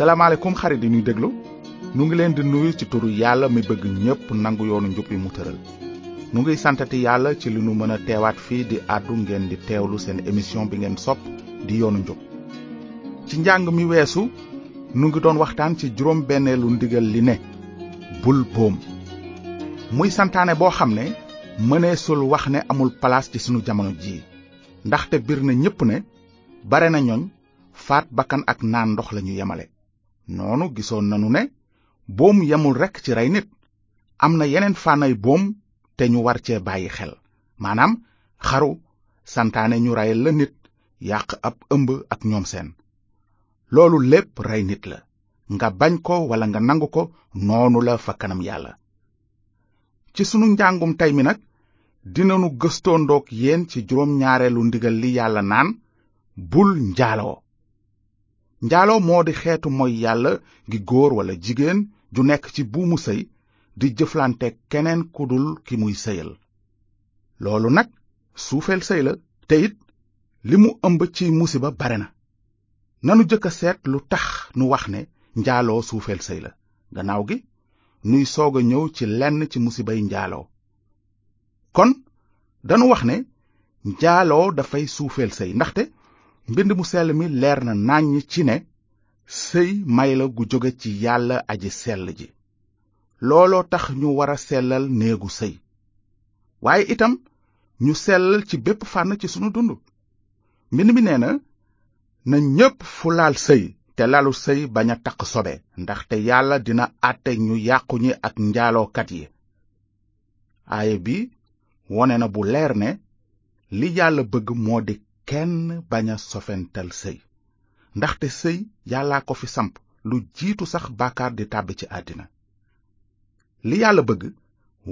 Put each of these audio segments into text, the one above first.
salaamaaleykum xarit yi ñuy déglu nu ngi leen di nuyu ci turu yàlla mi bëgg ñépp nangu yoonu njub yi mu tëral mu ngi santati yàlla ci li nu mën a teewaat fii di àddu ngeen di teewlu seen émission bi ngeen sopp di yoonu njub ci njàng mi weesu nu ngi doon waxtaan ci juróom lu ndigal li ne bul boom muy santaane boo xam ne mëneesul wax ne amul palaas ci sunu jamono jii ndaxte bir na ñépp ne bare na ñoñ faat bakkan ak naan ndox lañu yemale noonu gisoon nanu ne boom yemul rekk ci rey nit am na yeneen fànnay boom te ñu war cee bàyyi xel maanaam xaru santaane ñu reyal la nit yàq ab ëmb ak ñoom seen loolu lépp rey nit la nga bañ ko walla nga nangu ko noonu la fa kanam yàlla ci sunu njàngum tey mi nag dinanu gëstoondook yéen ci juróom ñaareelu ndigal li yàlla naan bul njaaloo njaaloo moo di xeetu moy yàlla gi góor walla jigéen ju nekk ci buumu sëy di jëflante keneen ku dul ki muy sëyal loolu nag suufeel sëy la te it li mu ëmb ci musiba bare na nanu jëkk a seet lu tax nu wax ne njaaloo suufeel sëy la gannaaw gi nuy soog a ñëw ci lenn ci musibay njaaloo kon danu wax ne njaaloo dafay suufeel sëy ndaxte mbind mu sell mi leer na nàññ ci ne sëy may la gu jóge ci yàlla aji sell ji looloo tax ñu war a sellal néegu sëy waaye itam ñu sellal ci bépp fànn ci sunu dund mbind mi nee na na ñépp fu laal sëy te lalu sëy bañ a taq sobe ndaxte yàlla dina àtte ñu yàquñu ak njaalookat yi aaye bi wone na bu leer ne li yàlla bëgg moo di kenn bañ a sofental sëy ndaxte sëy yàllaa ko fi samp lu jiitu sax baakaar di tàbbi ci àddina li yàlla bëgg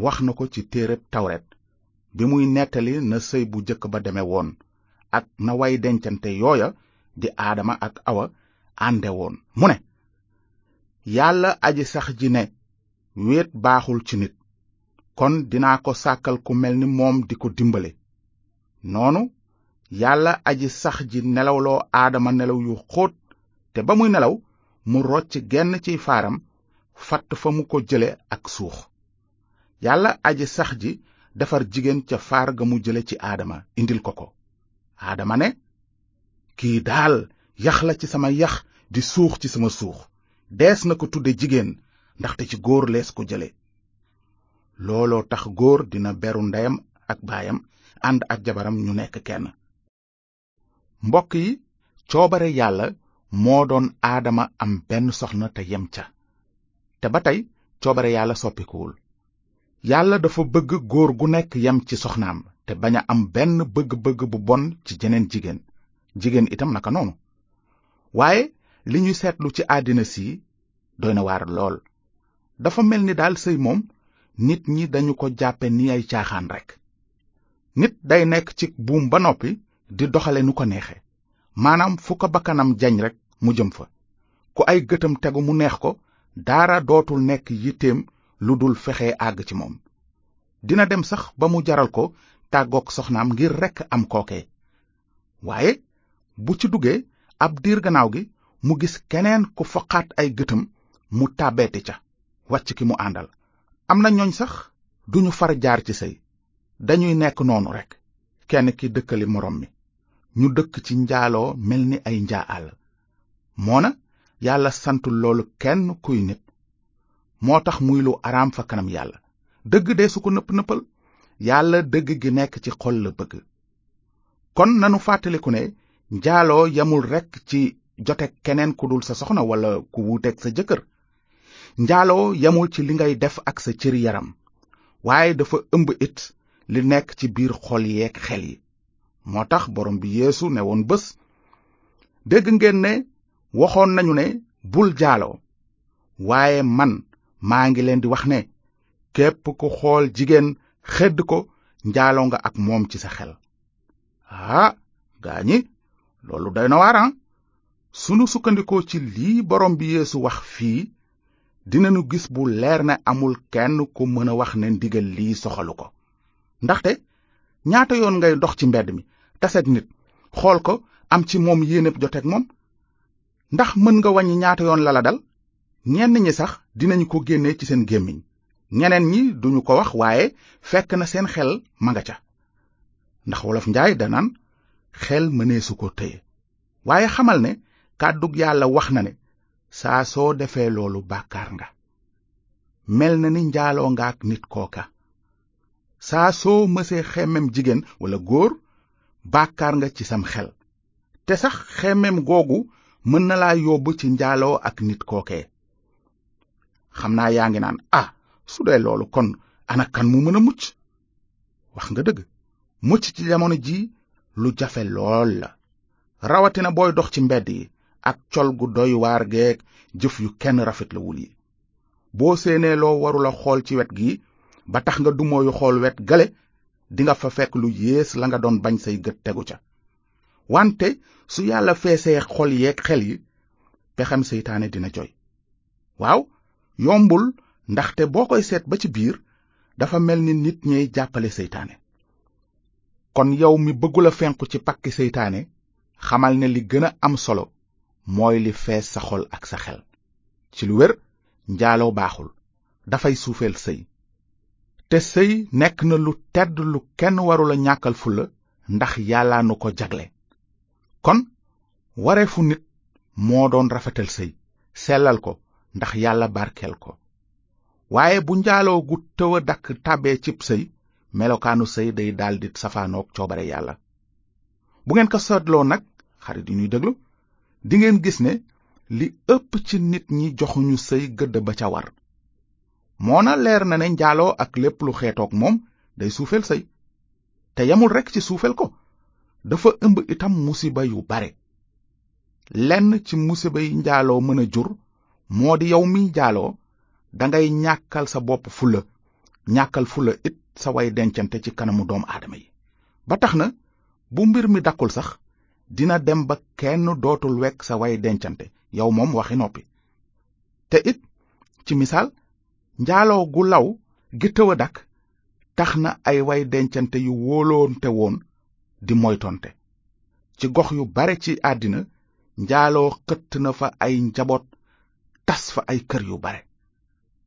wax na ko ci téere tawret bi muy nettali na sëy bu jëkk ba deme woon ak na way dencante yooya di aadama ak awa ànde woon mu ne yàlla aji sax ji ne wéet baaxul ci nit kon dinaa ko sàkkal ku mel ni moom di ko dimbale noonu yàlla aji sax ji nelaw loo aadama nelaw yu xóot te ba muy nelaw mu rocc genn ciy faaram fatt fa mu ko jële ak suux yàlla aji sax ji defar jigéen ca faar ga mu jële ci aadama indil ko ko aadama ne kii daal yax la ci sama yax di suux ci sama suux dees na ko tudde jigéen ndaxte ci góor lees ko jële looloo tax góor dina beru ndeyam ak baayam ànd ak jabaram ñu nekk kenn mbokk yi coobare yàlla moo doon aadama am benn soxna te yem ca te ba tey coobare yàlla soppikuwul yàlla dafa bëgg góor gu nekk yem ci soxnaam te bañ a am benn bëgg-bëgg bu bon ci jeneen jigéen jigéen itam naka noonu waaye li ñu seetlu ci àddina si doy na waar lool dafa mel ni daal sëy moom nit ñi dañu ko jàppe ni ay caaxaan rekk nit day nekk ci buum ba noppi di doxale nu ko neexe maanaam fukk ko bakkanam jañ rek mu jëm fa ku ay gëtam tegu mu neex ko dara dootul nekk yitteem lu dul fexe àgg ci moom dina dem sax ba mu jaral ko tàggook soxnaam ngir rekk am kookee waaye bu ci duggee ab diir gannaaw gi mu gis keneen ku foqat ay gëtam mu tàbbeeti ca wàcc ki mu àndal am na ñooñ sax duñu far jaar ci sëy dañuy nekk noonu rekk kenn ki dëkkali morom mi ñu dëkk ci njaaloo mel ni ay njaa àll moona yàlla santul loolu kenn kuy nit moo tax muy lu araam fa kanam yàlla dëgg de su ko nëpp nëppal yàlla dëgg gi nekk ci xol la bëgg kon nanu fàttaliku ne njaaloo yamul rekk ci jote keneen ku dul sa soxna walla ku wuuteeg sa jëkkër njaaloo yamul ci li ngay def ak sa cër yaram waaye dafa ëmb it li nekk ci biir xol yeek xel yi moo tax borom bi yéesu ne woon bés dégg ngeen ne waxoon nañu ne bul jaaloo waaye man maa ngi leen di wax ne képp ku xool jigéen xedd ko njaaloo nga ak moom ci sa xel ah gaa loolu doy na waar ah. sunu sukkandikoo ci lii borom bi yéesu wax fii dinañu gis bu leer ne amul kenn ku mën a wax ne ndigal lii soxalu ko ndaxte ñaata yoon ngay dox ci mbedd mi taseeg nit xool ko am ci moom yéeneb joteeg moom ndax mën nga wàññi ñaata yoon la la dal ñenn ñi sax dinañu ko génne ci seen gémmiñ ñeneen ñi duñu ko wax waaye fekk na seen xel ma nga ca ndax wolof njaay danaan xel su ko téye waaye xamal ne kàddug yàlla wax na ne saa soo defee loolu bàkkaar nga mel na ni njaaloo nga ak nit kooka saa soo mëse xemmem jigéen walla góor baakaar nga ci sam xel te sax xemmeem googu mën na laa yóbbu ci njaaloo ak nit kooke xam naa yaa ngi naan ah su dee loolu kon ana kan mu mën a mucc wax nga dëgg mucc ci jamono ji lu jafe lool la rawatina booy dox ci mbedd yi ak col gu doy waar geeg jëf yu kenn rafetlawul yi boo séenee loo warula xool ci wet gi ba tax nga dumooyu xool wet gale dinga fa fekk lu yées la nga doon bañ say gët tegu ca wante su yàlla feesee xol yeeg xel yi pexem seytaane dina coy waaw yombul ndaxte boo koy seet ba ci biir dafa mel ni nit ñey jàppale seytaane kon yow mi bëggul a fenku ci pakki seytaane xamal ne li gën a am solo mooy li fees sa xol ak sa xel ci lu wér njaaloo baaxul dafay suufeel sëy te sëy nekk na lu tedd lu kenn warula ñàkkal fula ndax yàlla nu ko jagle kon wareefu nit moo doon rafetal sëy sellal ko ndax yàlla barkeel ko waaye bu njaaloo gu tëw dakk tàbbee cib sëy melokaanu sëy day daldi safaanoog coobare yàlla bu ngeen ko seetloo nag xarit yi ñuy déglu dingeen gis ne li ëpp ci nit ñi joxuñu sëy gëdd ba ca war moo na leer na ne njaaloo ak lépp lu xeetook moom day suufeel sëy te yamul rekk ci suufeel ko dafa ëmb itam musiba yu bare lenn ci musiba yi njaaloo mën a jur moo di yow miy njaaloo dangay ñàkkal sa bopp fula ñàkkal fula it sa way dencante ci kanamu doom aadama yi ba tax na bu mbir mi dakkul sax dina dem ba kenn dootul wekk sa way dencante yow moom waxi noppi te it ci misaal njaaloo gu law gi tëw a tax na ay way dencante yu wóoloonte woon di moytonte ci gox yu bare ci àddina njaaloo xëtt na fa ay njaboot tas fa ay kër yu bare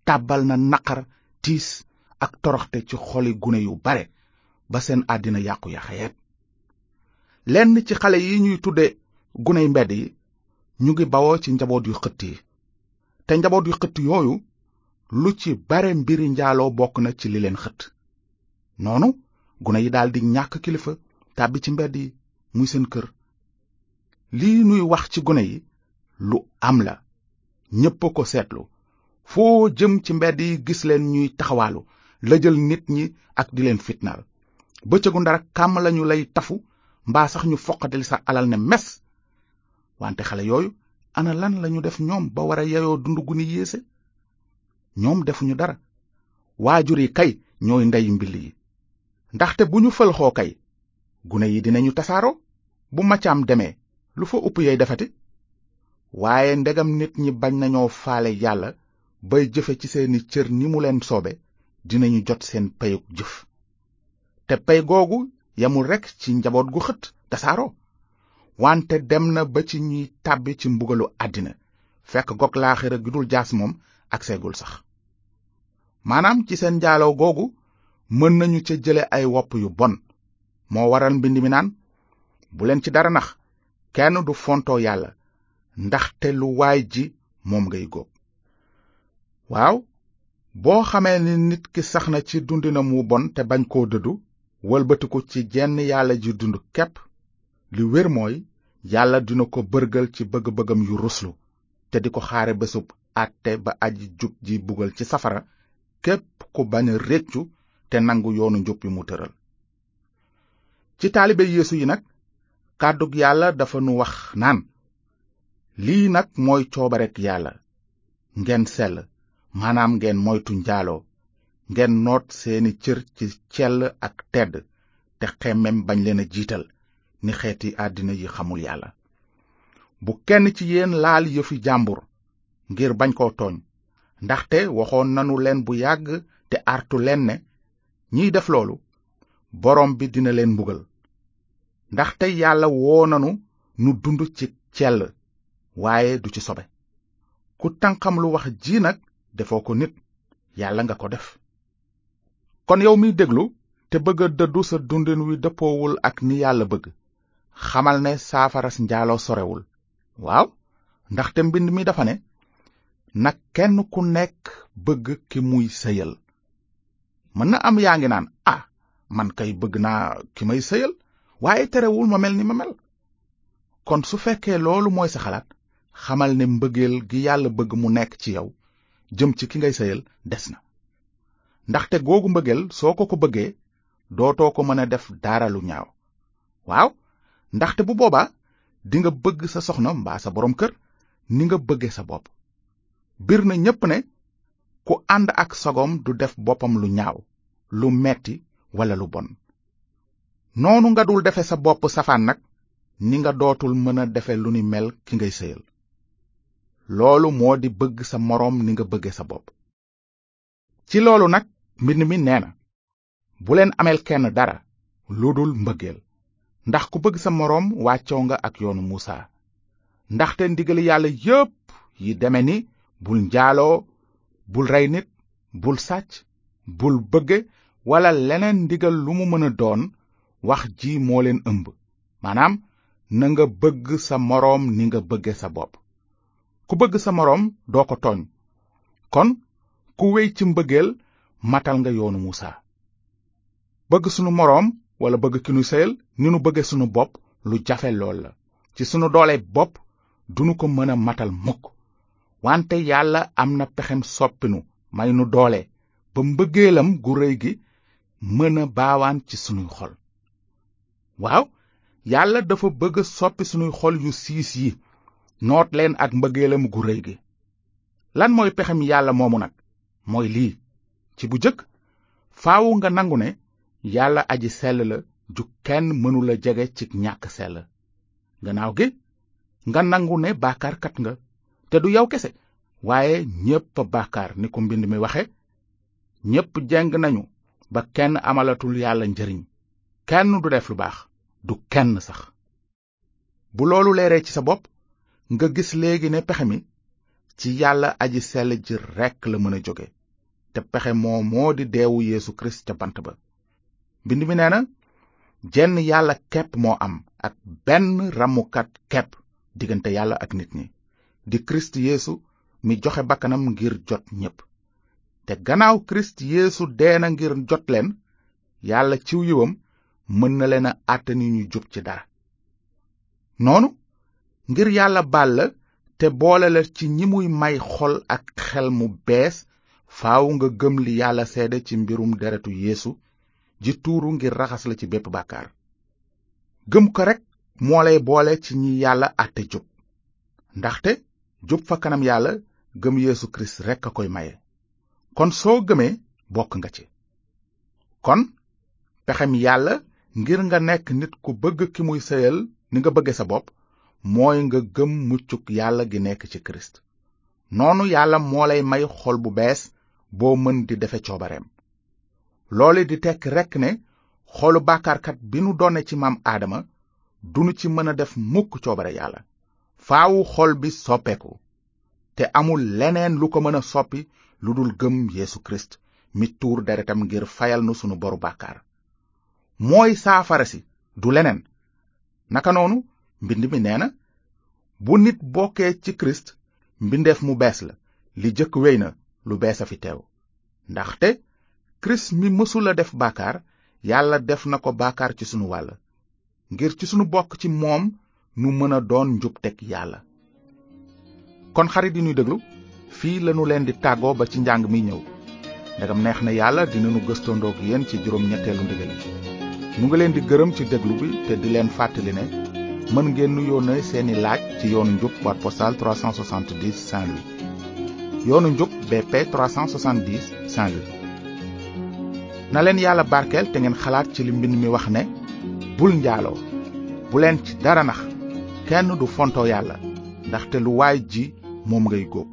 tàbbal na naqar tiis ak toroxte ci xoli gune yu bare ba seen àddina yàqu yaxeet lenn ci xale yi ñuy tudde guney mbedd yi ñu ngi bawoo ci njaboot yu xëtt yi te njaboot yu xëtt yooyu lu ci bare mbiri njaaloo bokk na ci li leen xët noonu gune yi daldi ñàkk kilifa tàbbi ci mbedd yi muy seen kër li nuy wax ci gune yi lu am la ñépp ko seetlu foo jëm ci mbedd yi gis leen ñuy taxawaalu jël nit ñi ak di leen fitnaal bëccëgu ndara kàmm lañu lay tafu mbaa sax ñu foqatil sa alal ne mes wante xale yooyu ana lan lañu def ñoom ba war yeyoo dund gu ni yéese ñoom defuñu dara waajur yi kay ñooy ndeyu mbill yi ndaxte bu ñu fëlxoo kay gune yi dinañu tasaaroo bu macaam demee lu fa upp yey defate waaye ndegam nit ñi bañ nañoo fale yàlla bay jëfe ci seeni cër ni mu leen soobe dinañu jot seen payug jëf te pay googu yemul rekk ci njaboot gu xët tasaaroo wante dem na ba ci ñuy tàbbi ci mbugalu àddina fekk gog laaxira gi jaas moom ak seegul sax maanaam ci seen njaaloo googu mën nañu ca jële ay wopp yu bon moo waral mbind mi naan bu leen ci dara nax kenn du fontoo yàlla ndaxte lu waay ji moom ngay góob waaw boo xamee ni nit ki sax na ci dund na mu bon te bañ koo dëddu wëlbatiku ci jenn yàlla ji dund kepp li wér mooy yàlla dina ko bërgal ci bëgg-bëggam yu ruslu te di ko xaare bésub àtte ba aji jub ji bugal ci safara ku bañ a te nangu yoonu njub mu tëral ci taalibe yeesu yi nag kàddug yàlla dafa nu wax naan lii nag mooy coobarek yàlla ngeen sell maanaam ngeen moytu njaaloo ngeen noot seeni cër ci cell ak tedd te xemmem bañ leen a jiital ni xeeti àddina yi xamul yàlla bu kenn ci yéen laal yëfi jàmbur ngir bañ koo tooñ ndaxte waxoon nanu leen bu yàgg te artu leen ne ñiy def loolu boroom bi dina leen mbugal ndaxte yàlla woo nanu nu dund ci cell waaye du ci sobe ku tànqam lu wax ji nag defoo ko nit yàlla nga ko def kon yow mi déglu te bëgg a dëddu sa dundin wi dëppoowul ak ni yàlla bëgg xamal ne saafaras njaaloo sorewul waaw ndaxte mbind mi dafa ne nag kenn ku nekk bëgg ki muy sëyal mën na am yaa ngi naan a ah, man kay bëgg naa ki may sëyal waaye terewul ma mel ni ma mel kon su fekkee loolu mooy sa xalaat xamal ne mbëggeel gi yàlla bëgg mu nekk ci yow jëm ci ki ngay sëyal des na ndaxte googu mbëggeel soo ko ko bëggee dootoo ko mën a def daaralu ñaaw waaw ndaxte bu boobaa dinga bëgg sa soxna mbaa sa boroom kër ni nga bëgge sa bopp bir na ñépp ne ku ànd ak sagoom du def boppam lu ñaaw lu metti walla lu bon noonu nga dul defe sa bopp safaan nag ni nga dootul mën a defe lu ni mel ki ngay sëyal loolu moo di bëgg sa moroom ni nga bëgge sa bopp ci loolu nag mbind mi nee na bu leen ameel kenn dara lu dul mbëggeel ndax ku bëgg sa moroom wàccoo nga ak yoonu muusa ndaxte ndigali yàlla yépp yi deme ni bul njaaloo bul rey nit bul sàcc bul bëgge walla leneen ndigal lu mu mën a doon wax ji moo leen ëmb maanaam na nga bëgg sa moroom ni nga bëgge sa bopp ku bëgg sa moroom doo ko tooñ kon ku wey ci mbëggeel matal nga yoonu Musaa bëgg sunu moroom walla bëgg ki nu sëyal ni nu bëgge sunu bopp lu jafe lool la ci sunu doolee bopp dunu ko mën a matal mukk wante yàlla am na pexem soppinu may nu doole ba mbëggeelam gu rëy gi mën a baawaan ci sunuy xol waaw yàlla dafa bëgg soppi sunuy xol yu siis yi noot leen ak mbëggeelam gu rëy gi lan mooy pexem yàlla moomu nag mooy lii ci bu jëkk faawu nga nangu ne yàlla aji sell la ju kenn mënula jege ci ñàkk sell gannaaw gi nga nangu ne baakaarkat nga te du yow kese waaye ñépp a ni ko mbind mi waxe ñépp jeng nañu ba kenn amalatul yàlla njariñ kenn du def lu baax du kenn sax bu loolu leeree ci sa bopp nga gis léegi ne pexe mi ci yàlla aji sell ji rekk la mën a jóge te pexe moo moo di deewu yéesu Kirist ca bant ba mbind mi nee na jenn yàlla kepp moo am ak benn ramukat kepp diggante yàlla ak nit ñi di kirist yeesu mi joxe bakkanam ngir jot ñépp te gannaaw kirist yeesu dee na ngir jot leen yàlla ciw yiwam mën na leen a àtte ni ñu jub ci dara noonu ngir yàlla baal la te boole la ci ñi muy may xol ak xel mu bees faw nga gëm li yàlla seede ci mbirum deretu yéesu ji tuuru ngir raxas la ci bépp bàkkaar gëm ko rekk moo lay boole ci ñi yàlla àtte jub ndaxte jub fa kanam yàlla gëm yéesu Kirist rekk a koy maye kon soo gëmee bokk nga ci kon pexem yàlla ngir nga nekk nit ku bëgg ki muy sëyal ni nga bëgge sa bopp mooy nga gëm muccuk yàlla gi nekk ci Kirist noonu yàlla moo lay may xol bu bees boo mën di defe coobareem loole di tekk rekk ne xoolu bàkkaarkat bi nu donne ci maam aadama du nu ci mën a def mukk coobare yàlla faawu xol bi soppeku te amul leneen lu ko mën a soppi lu dul gëm yeesu kirist mi tuur deretam ngir fayal na sunu boru bàkkaar mooy saafara si du leneen naka noonu mbind mi nee na bu nit bokkee ci kirist mbindeef mu bees la li jëkk wey na lu bees a fi teew ndaxte kirist mi mësula def bàkkaar yàlla def na ko bàkkaar ci sunu wàll ngir ci sunu bokk ci moom nu mën a doon njubteg yàlla kon xarit yi ñuy déglu fii lanu leen di tàggoo ba ci njàng mi ñëw ndegam neex na yàlla dinanu gëstandoog yéen ci juróom ñetteelu ndigal nu ngi leen di gërëm ci déglu bi te di leen fàttali ne mën ngeen nu yónnee seeni laaj ci yoonu njub boîte postale 370 Saint-Louis yoonu njub BP 370 Saint-Louis na leen yàlla barkeel te ngeen xalaat ci li mbind mi wax ne bul njaaloo bu leen ci dara nax kenn du fontoo yàlla ndaxte lu waay ji moom ngay góob